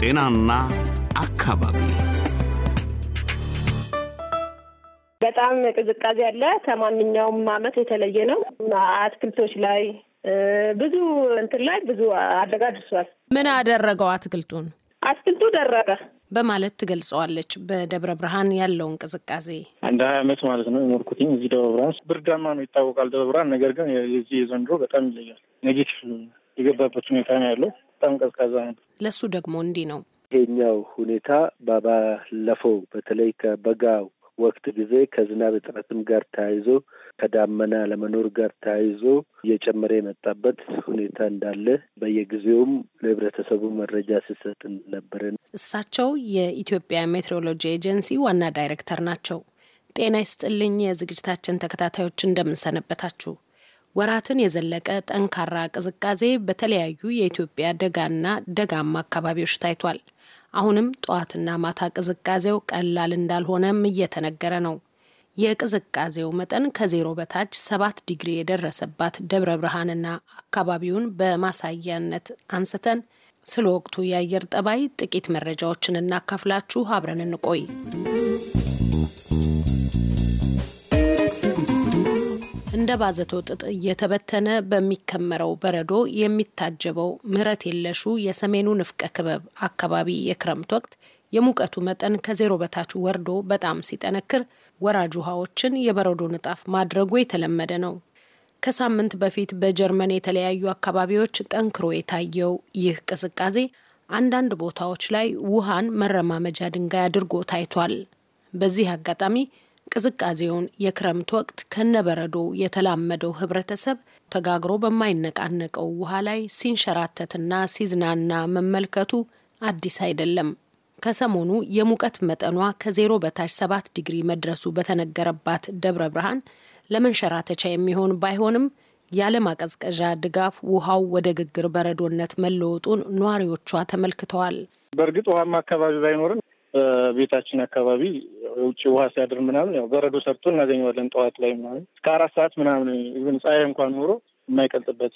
ጤናና አካባቢ በጣም ቅዝቃዜ ያለ ከማንኛውም አመት የተለየ ነው። አትክልቶች ላይ ብዙ እንትን ላይ ብዙ አደጋ ደርሷል። ምን አደረገው አትክልቱን? አትክልቱ ደረቀ በማለት ትገልጸዋለች። በደብረ ብርሃን ያለው እንቅስቃሴ አንድ ሀያ አመት ማለት ነው የኖርኩትኝ እዚህ ደብረ ብርሃን። ብርዳማ ነው ይታወቃል ደብረ ብርሃን። ነገር ግን የዚህ የዘንድሮ በጣም ይለያል። ኔጌቲቭ የገባበት ሁኔታ ነው ያለው በጣም ቀዝቃዛ ነው። ለእሱ ደግሞ እንዲህ ነው። ይሄኛው ሁኔታ ባባለፈው በተለይ ከበጋው ወቅት ጊዜ ከዝናብ እጥረትም ጋር ተያይዞ ከዳመና ለመኖር ጋር ተያይዞ እየጨመረ የመጣበት ሁኔታ እንዳለ በየጊዜውም ለህብረተሰቡ መረጃ ሲሰጥ ነበር። እሳቸው የኢትዮጵያ ሜትሮሎጂ ኤጀንሲ ዋና ዳይሬክተር ናቸው። ጤና ይስጥልኝ የዝግጅታችን ተከታታዮች እንደምንሰነበታችሁ። ወራትን የዘለቀ ጠንካራ ቅዝቃዜ በተለያዩ የኢትዮጵያ ደጋና ደጋማ አካባቢዎች ታይቷል። አሁንም ጠዋትና ማታ ቅዝቃዜው ቀላል እንዳልሆነም እየተነገረ ነው። የቅዝቃዜው መጠን ከዜሮ በታች ሰባት ዲግሪ የደረሰባት ደብረ ብርሃንና አካባቢውን በማሳያነት አንስተን ስለ ወቅቱ የአየር ጠባይ ጥቂት መረጃዎችን እናካፍላችሁ። አብረን እንቆይ። እንደ ባዘቶ ጥጥ እየተበተነ በሚከመረው በረዶ የሚታጀበው ምህረት የለሹ የሰሜኑ ንፍቀ ክበብ አካባቢ የክረምት ወቅት የሙቀቱ መጠን ከዜሮ በታች ወርዶ በጣም ሲጠነክር ወራጅ ውሃዎችን የበረዶ ንጣፍ ማድረጉ የተለመደ ነው። ከሳምንት በፊት በጀርመን የተለያዩ አካባቢዎች ጠንክሮ የታየው ይህ ቅስቃዜ አንዳንድ ቦታዎች ላይ ውሃን መረማመጃ ድንጋይ አድርጎ ታይቷል። በዚህ አጋጣሚ ቅዝቃዜውን የክረምት ወቅት ከነበረዶ የተላመደው ህብረተሰብ ተጋግሮ በማይነቃነቀው ውሃ ላይ ሲንሸራተትና ሲዝናና መመልከቱ አዲስ አይደለም። ከሰሞኑ የሙቀት መጠኗ ከዜሮ በታች ሰባት ዲግሪ መድረሱ በተነገረባት ደብረ ብርሃን ለመንሸራተቻ የሚሆን ባይሆንም ያለ ማቀዝቀዣ ድጋፍ ውሃው ወደ ግግር በረዶነት መለወጡን ነዋሪዎቿ ተመልክተዋል። በእርግጥ ውሃማ አካባቢ ባይኖርም ቤታችን አካባቢ ውጭ ውሃ ሲያድር ምናምን ያው በረዶ ሰርቶ እናገኘዋለን። ጠዋት ላይ ምናምን እስከ አራት ሰዓት ምናምን ኢቨን ፀሐይ እንኳን ኖሮ የማይቀልጥበት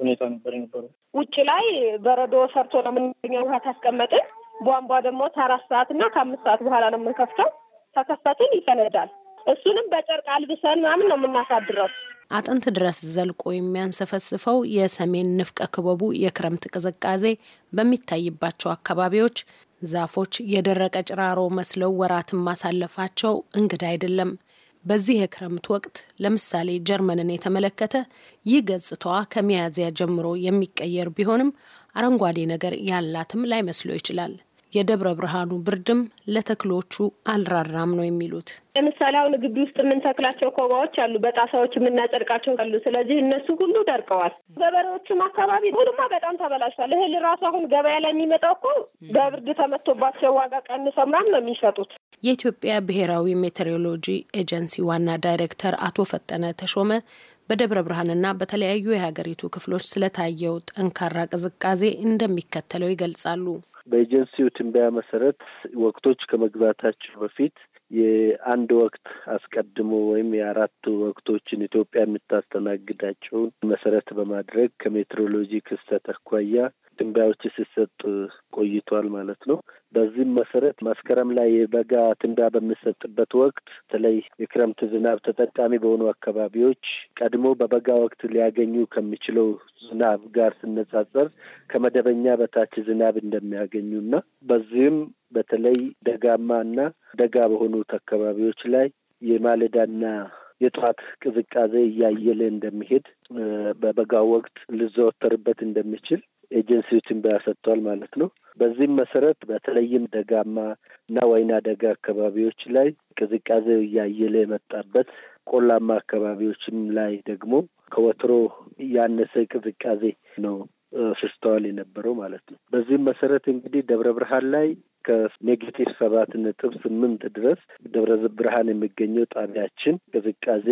ሁኔታ ነበር የነበረው። ውጭ ላይ በረዶ ሰርቶ ነው የምናገኘው ውሃ ካስቀመጥን። ቧንቧ ደግሞ ከአራት ሰዓት እና ከአምስት ሰዓት በኋላ ነው የምንከፍተው። ተከፈትን ይፈነዳል። እሱንም በጨርቅ አልብሰን ምናምን ነው የምናሳድረው። አጥንት ድረስ ዘልቆ የሚያንሰፈስፈው የሰሜን ንፍቀ ክበቡ የክረምት ቅዝቃዜ በሚታይባቸው አካባቢዎች ዛፎች የደረቀ ጭራሮ መስለው ወራትን ማሳለፋቸው እንግዳ አይደለም። በዚህ የክረምት ወቅት ለምሳሌ ጀርመንን የተመለከተ ይህ ገጽታዋ ከሚያዝያ ጀምሮ የሚቀየር ቢሆንም አረንጓዴ ነገር ያላትም ላይመስሎ ይችላል። የደብረ ብርሃኑ ብርድም ለተክሎቹ አልራራም ነው የሚሉት። ለምሳሌ አሁን ግቢ ውስጥ የምንተክላቸው ኮባዎች አሉ፣ በጣሳዎች የምናጨርቃቸው አሉ። ስለዚህ እነሱ ሁሉ ደርቀዋል። ገበሬዎቹም አካባቢ ሁሉማ በጣም ተበላሽቷል። እህል ራሱ አሁን ገበያ ላይ የሚመጣው እኮ በብርድ ተመቶባቸው ዋጋ ቀንሰው ምናምን ነው የሚሸጡት። የኢትዮጵያ ብሔራዊ ሜቴሮሎጂ ኤጀንሲ ዋና ዳይሬክተር አቶ ፈጠነ ተሾመ በደብረ ብርሃንና በተለያዩ የሀገሪቱ ክፍሎች ስለታየው ጠንካራ ቅዝቃዜ እንደሚከተለው ይገልጻሉ። በኤጀንሲው ትንበያ መሰረት ወቅቶች ከመግባታቸው በፊት የአንድ ወቅት አስቀድሞ ወይም የአራት ወቅቶችን ኢትዮጵያ የምታስተናግዳቸውን መሰረት በማድረግ ከሜትሮሎጂ ክስተት አኳያ ትንበያዎች ሲሰጥ ቆይቷል ማለት ነው። በዚህም መሰረት መስከረም ላይ የበጋ ትንዳ በሚሰጥበት ወቅት በተለይ የክረምት ዝናብ ተጠቃሚ በሆኑ አካባቢዎች ቀድሞ በበጋ ወቅት ሊያገኙ ከሚችለው ዝናብ ጋር ሲነጻጸር ከመደበኛ በታች ዝናብ እንደሚያገኙና በዚህም በተለይ ደጋማና ደጋ በሆኑት አካባቢዎች ላይ የማለዳና የጠዋት ቅዝቃዜ እያየለ እንደሚሄድ በበጋው ወቅት ሊዘወተርበት እንደሚችል ኤጀንሲዎችን ሰጥተዋል ማለት ነው። በዚህም መሰረት በተለይም ደጋማ እና ወይና ደጋ አካባቢዎች ላይ ቅዝቃዜው እያየለ የመጣበት ቆላማ አካባቢዎችም ላይ ደግሞ ከወትሮ ያነሰ ቅዝቃዜ ነው ስስተዋል የነበረው ማለት ነው። በዚህም መሰረት እንግዲህ ደብረ ብርሃን ላይ ከኔጌቲቭ ሰባት ነጥብ ስምንት ድረስ ደብረ ብርሃን የሚገኘው ጣቢያችን ቅዝቃዜ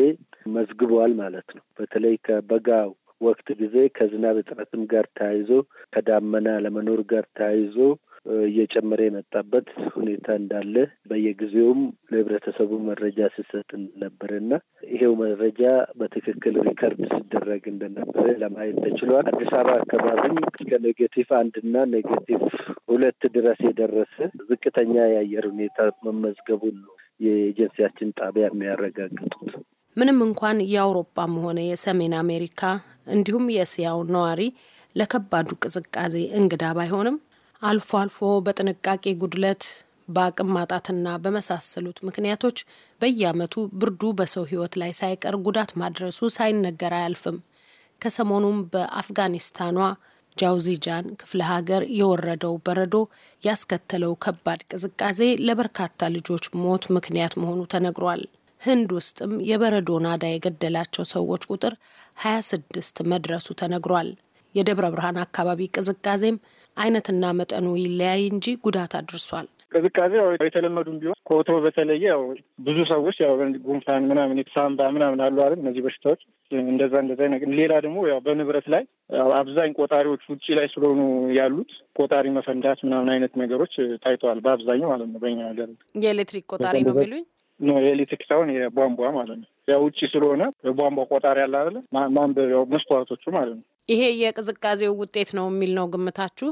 መዝግቧል ማለት ነው። በተለይ ከበጋው ወቅት ጊዜ ከዝናብ እጥረትም ጋር ተያይዞ ከዳመና ለመኖር ጋር ተያይዞ እየጨመረ የመጣበት ሁኔታ እንዳለ በየጊዜውም ለህብረተሰቡ መረጃ ሲሰጥ እንደነበረ እና ይሄው መረጃ በትክክል ሪከርድ ሲደረግ እንደነበረ ለማየት ተችሏል። አዲስ አበባ አካባቢም እስከ ኔጌቲቭ አንድ እና ኔጌቲቭ ሁለት ድረስ የደረሰ ዝቅተኛ የአየር ሁኔታ መመዝገቡን ነው የኤጀንሲያችን ጣቢያ የሚያረጋግጡት። ምንም እንኳን የአውሮፓም ሆነ የሰሜን አሜሪካ እንዲሁም የእስያው ነዋሪ ለከባዱ ቅዝቃዜ እንግዳ ባይሆንም አልፎ አልፎ በጥንቃቄ ጉድለት በአቅም ማጣትና በመሳሰሉት ምክንያቶች በየዓመቱ ብርዱ በሰው ሕይወት ላይ ሳይቀር ጉዳት ማድረሱ ሳይነገር አያልፍም። ከሰሞኑም በአፍጋኒስታኗ ጃውዚጃን ክፍለ ሀገር የወረደው በረዶ ያስከተለው ከባድ ቅዝቃዜ ለበርካታ ልጆች ሞት ምክንያት መሆኑ ተነግሯል። ህንድ ውስጥም የበረዶ ናዳ የገደላቸው ሰዎች ቁጥር 26 መድረሱ ተነግሯል። የደብረ ብርሃን አካባቢ ቅዝቃዜም አይነትና መጠኑ ይለያይ እንጂ ጉዳት አድርሷል። ቅዝቃዜ የተለመዱም ቢሆን ኮቶ በተለየ ያው ብዙ ሰዎች ያው ጉንፋን ምናምን ሳምባ ምናምን አሉ አይደል? እነዚህ በሽታዎች እንደዛ እንደዛ ነገር። ሌላ ደግሞ ያው በንብረት ላይ አብዛኝ ቆጣሪዎች ውጭ ላይ ስለሆኑ ያሉት ቆጣሪ መፈንዳት ምናምን አይነት ነገሮች ታይተዋል። በአብዛኛው ማለት ነው በኛ ሀገር የኤሌክትሪክ ቆጣሪ ነው ቢሉኝ ነው የኤሌክትሪክ ሳይሆን የቧንቧ ማለት ነው። ያው ውጭ ስለሆነ የቧንቧ ቆጣሪ ያለ አለ ማንበቢያው መስተዋቶቹ ማለት ነው። ይሄ የቅዝቃዜው ውጤት ነው የሚል ነው ግምታችሁ?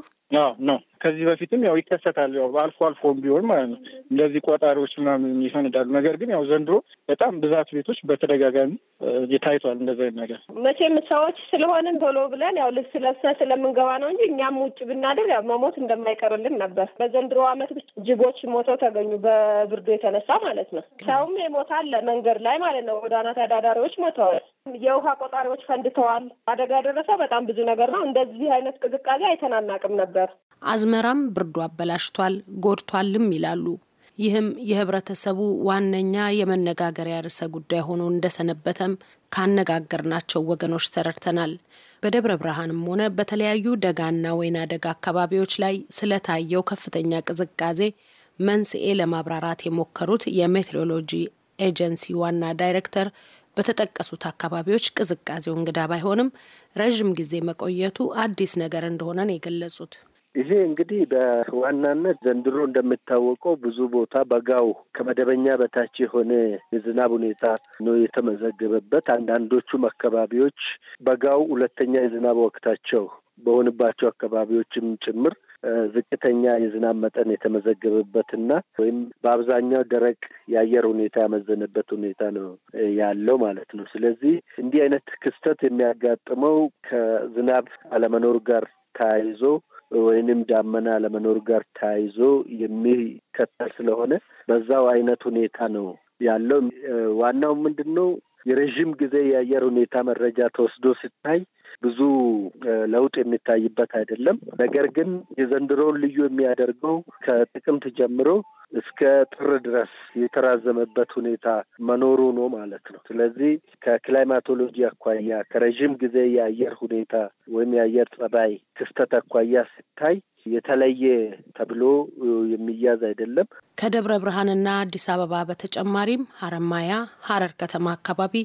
ነው ከዚህ በፊትም ያው ይከሰታል፣ ያው አልፎ አልፎ ቢሆን ማለት ነው እንደዚህ ቆጣሪዎች ምናምን ይፈንዳሉ። ነገር ግን ያው ዘንድሮ በጣም ብዛት ቤቶች በተደጋጋሚ ታይቷል እንደዚህ አይነት ነገር። መቼም ሰዎች ስለሆንን ቶሎ ብለን ያው ልብስ ለብሰን ስለምንገባ ነው እንጂ እኛም ውጭ ብናደር ያው መሞት እንደማይቀርልን ነበር። በዘንድሮ ዓመት ጅቦች ሞተው ተገኙ፣ በብርዱ የተነሳ ማለት ነው። ሰውም ይሞታል መንገድ ላይ ማለት ነው። ጎዳና ተዳዳሪዎች ሞተዋል። የውሃ ቆጣሪዎች ፈንድተዋል። አደጋ የደረሰ በጣም ብዙ ነገር ነው። እንደዚህ አይነት ቅዝቃዜ አይተናናቅም ነበር። አስመራም ብርዱ አበላሽቷል፣ ጎድቷልም ይላሉ። ይህም የህብረተሰቡ ዋነኛ የመነጋገሪያ ርዕሰ ጉዳይ ሆኖ እንደሰነበተም ካነጋገርናቸው ወገኖች ተረድተናል። በደብረ ብርሃንም ሆነ በተለያዩ ደጋና ወይና ደጋ አካባቢዎች ላይ ስለታየው ከፍተኛ ቅዝቃዜ መንስኤ ለማብራራት የሞከሩት የሜትሮሎጂ ኤጀንሲ ዋና ዳይሬክተር በተጠቀሱት አካባቢዎች ቅዝቃዜው እንግዳ ባይሆንም ረዥም ጊዜ መቆየቱ አዲስ ነገር እንደሆነ ነው የገለጹት። ይሄ እንግዲህ በዋናነት ዘንድሮ እንደሚታወቀው ብዙ ቦታ በጋው ከመደበኛ በታች የሆነ የዝናብ ሁኔታ ነው የተመዘገበበት። አንዳንዶቹም አካባቢዎች በጋው ሁለተኛ የዝናብ ወቅታቸው በሆንባቸው አካባቢዎችም ጭምር ዝቅተኛ የዝናብ መጠን የተመዘገበበትና ወይም በአብዛኛው ደረቅ የአየር ሁኔታ ያመዘነበት ሁኔታ ነው ያለው ማለት ነው። ስለዚህ እንዲህ አይነት ክስተት የሚያጋጥመው ከዝናብ አለመኖር ጋር ተያይዞ ወይንም ዳመና ለመኖር ጋር ተያይዞ የሚከተል ስለሆነ በዛው አይነት ሁኔታ ነው ያለው። ዋናው ምንድን ነው የረዥም ጊዜ የአየር ሁኔታ መረጃ ተወስዶ ሲታይ ብዙ ለውጥ የሚታይበት አይደለም። ነገር ግን የዘንድሮውን ልዩ የሚያደርገው ከጥቅምት ጀምሮ እስከ ጥር ድረስ የተራዘመበት ሁኔታ መኖሩ ነው ማለት ነው። ስለዚህ ከክላይማቶሎጂ አኳያ ከረዥም ጊዜ የአየር ሁኔታ ወይም የአየር ጸባይ ክስተት አኳያ ሲታይ የተለየ ተብሎ የሚያዝ አይደለም። ከደብረ ብርሃንና አዲስ አበባ በተጨማሪም ሀረማያ ሀረር ከተማ አካባቢ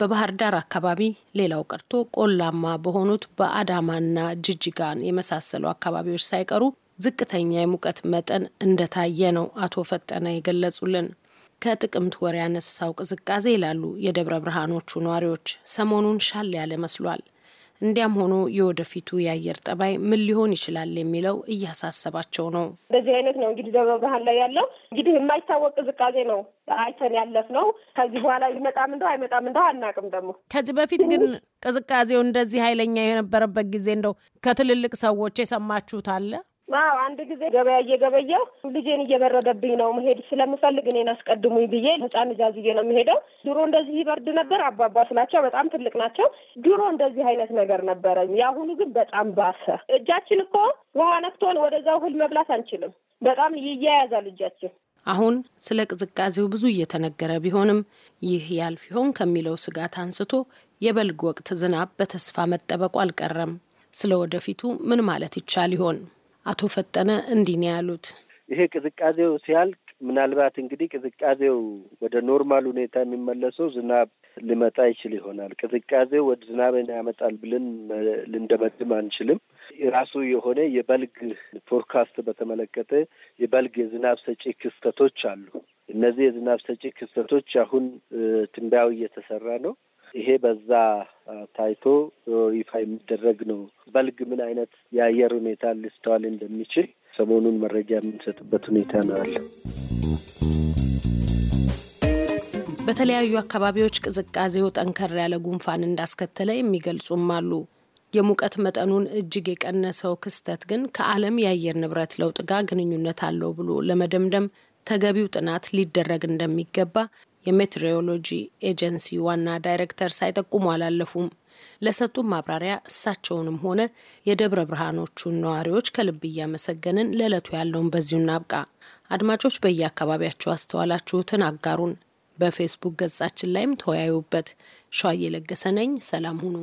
በባህር ዳር አካባቢ ሌላው ቀርቶ ቆላማ በሆኑት በአዳማና ጅጅጋን የመሳሰሉ አካባቢዎች ሳይቀሩ ዝቅተኛ የሙቀት መጠን እንደታየ ነው አቶ ፈጠነ የገለጹልን። ከጥቅምት ወር ያነሳው ቅዝቃዜ ይላሉ የደብረ ብርሃኖቹ ነዋሪዎች፣ ሰሞኑን ሻል ያለ መስሏል። እንዲያም ሆኖ የወደፊቱ የአየር ጠባይ ምን ሊሆን ይችላል የሚለው እያሳሰባቸው ነው። እንደዚህ አይነት ነው እንግዲህ ደብረ ብርሃን ላይ ያለው እንግዲህ የማይታወቅ ቅዝቃዜ ነው አይተን ያለፍ ነው። ከዚህ በኋላ ይመጣም እንደው አይመጣም እንደው አናቅም። ደግሞ ከዚህ በፊት ግን ቅዝቃዜው እንደዚህ ኃይለኛ የነበረበት ጊዜ እንደው ከትልልቅ ሰዎች የሰማችሁት አለ? አዎ አንድ ጊዜ ገበያ እየገበየው ልጄን እየበረደብኝ ነው መሄድ ስለምፈልግ እኔን አስቀድሙኝ ብዬ ህፃን ልጃዝዬ ነው የምሄደው። ድሮ እንደዚህ ይበርድ ነበር። አባባስ ስላቸው በጣም ትልቅ ናቸው። ድሮ እንደዚህ አይነት ነገር ነበረኝ። የአሁኑ ግን በጣም ባሰ። እጃችን እኮ ውሃ ነክቶን ወደዛው እህል መብላት አንችልም። በጣም ይያያዛል እጃችን። አሁን ስለ ቅዝቃዜው ብዙ እየተነገረ ቢሆንም ይህ ያልፍ ይሆን ከሚለው ስጋት አንስቶ የበልግ ወቅት ዝናብ በተስፋ መጠበቁ አልቀረም። ስለ ወደፊቱ ምን ማለት ይቻል ይሆን? አቶ ፈጠነ እንዲህ ነው ያሉት። ይሄ ቅዝቃዜው ሲያልቅ ምናልባት እንግዲህ ቅዝቃዜው ወደ ኖርማል ሁኔታ የሚመለሰው ዝናብ ሊመጣ ይችል ይሆናል። ቅዝቃዜው ወደ ዝናብን ያመጣል ብለን ልንደመድም አንችልም። የራሱ የሆነ የበልግ ፎርካስት በተመለከተ የበልግ የዝናብ ሰጪ ክስተቶች አሉ። እነዚህ የዝናብ ሰጪ ክስተቶች አሁን ትንበያው እየተሰራ ነው። ይሄ በዛ ታይቶ ይፋ የሚደረግ ነው። በልግ ምን አይነት የአየር ሁኔታ ሊስተዋል እንደሚችል ሰሞኑን መረጃ የምንሰጥበት ሁኔታ ነው አለ። በተለያዩ አካባቢዎች ቅዝቃዜው ጠንከር ያለ ጉንፋን እንዳስከተለ የሚገልጹም አሉ። የሙቀት መጠኑን እጅግ የቀነሰው ክስተት ግን ከዓለም የአየር ንብረት ለውጥ ጋር ግንኙነት አለው ብሎ ለመደምደም ተገቢው ጥናት ሊደረግ እንደሚገባ የሜትሮሎጂ ኤጀንሲ ዋና ዳይሬክተር ሳይጠቁሙ አላለፉም። ለሰጡን ማብራሪያ እሳቸውንም ሆነ የደብረ ብርሃኖቹን ነዋሪዎች ከልብ እያመሰገንን ለዕለቱ ያለውን በዚሁ እናብቃ። አድማጮች በየአካባቢያቸው አስተዋላችሁትን አጋሩን። በፌስቡክ ገጻችን ላይም ተወያዩበት። ሸዋዬ ለገሰ ነኝ። ሰላም ሁኑ።